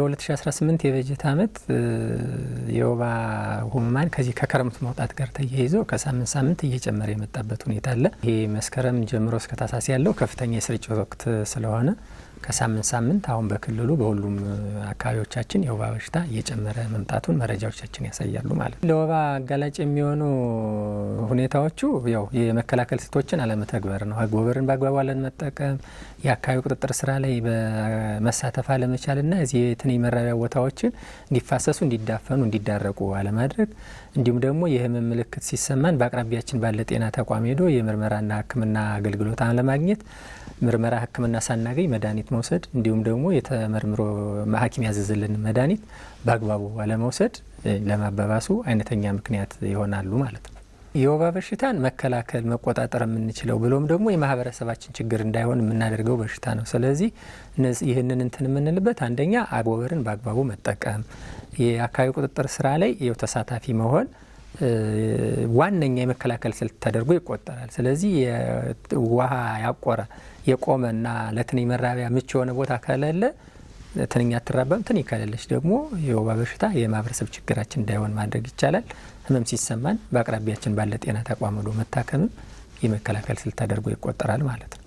በ2018 የበጀት ዓመት የወባ ህሙማን ከዚህ ከክረምት መውጣት ጋር ተያይዞ ከሳምንት ሳምንት እየጨመረ የመጣበት ሁኔታ አለ። ይሄ መስከረም ጀምሮ እስከ ታህሳስ ያለው ከፍተኛ የስርጭት ወቅት ስለሆነ ከሳምንት ሳምንት አሁን በክልሉ በሁሉም አካባቢዎቻችን የወባ በሽታ እየጨመረ መምጣቱን መረጃዎቻችን ያሳያሉ ማለት ነው። ለወባ አጋላጭ የሚሆኑ ሁኔታዎቹ ያው የመከላከል ስቶችን አለመተግበር ነው። አጎበርን በአግባቡ አለመጠቀም፣ የአካባቢ ቁጥጥር ስራ ላይ በመሳተፍ አለመቻልና እዚህ የትንኝ መራቢያ ቦታዎችን እንዲፋሰሱ፣ እንዲዳፈኑ፣ እንዲዳረቁ አለማድረግ እንዲሁም ደግሞ የህመም ምልክት ሲሰማን በአቅራቢያችን ባለ ጤና ተቋም ሄዶ የምርመራና ሕክምና አገልግሎት አለማግኘት ምርመራ ህክምና ሳናገኝ መድኃኒት መውሰድ እንዲሁም ደግሞ የተመርምሮ ሐኪም ያዘዘልን መድኃኒት በአግባቡ አለመውሰድ ለማባባሱ አይነተኛ ምክንያት ይሆናሉ ማለት ነው። የወባ በሽታን መከላከል መቆጣጠር የምንችለው ብሎም ደግሞ የማህበረሰባችን ችግር እንዳይሆን የምናደርገው በሽታ ነው። ስለዚህ ይህንን እንትን የምንልበት አንደኛ አጎበርን በአግባቡ መጠቀም፣ የአካባቢ ቁጥጥር ስራ ላይ ተሳታፊ መሆን ዋነኛ የመከላከል ስልት ተደርጎ ይቆጠራል። ስለዚህ ውሃ ያቆረ የቆመና ለትንኝ መራቢያ ምቹ የሆነ ቦታ ከሌለ ትንኝ አትራባም። ትንኝ ከሌለች ደግሞ የወባ በሽታ የማህበረሰብ ችግራችን እንዳይሆን ማድረግ ይቻላል። ህመም ሲሰማን በአቅራቢያችን ባለ ጤና ተቋም ሄዶ መታከምም የመከላከል ስልት ተደርጎ ይቆጠራል ማለት ነው።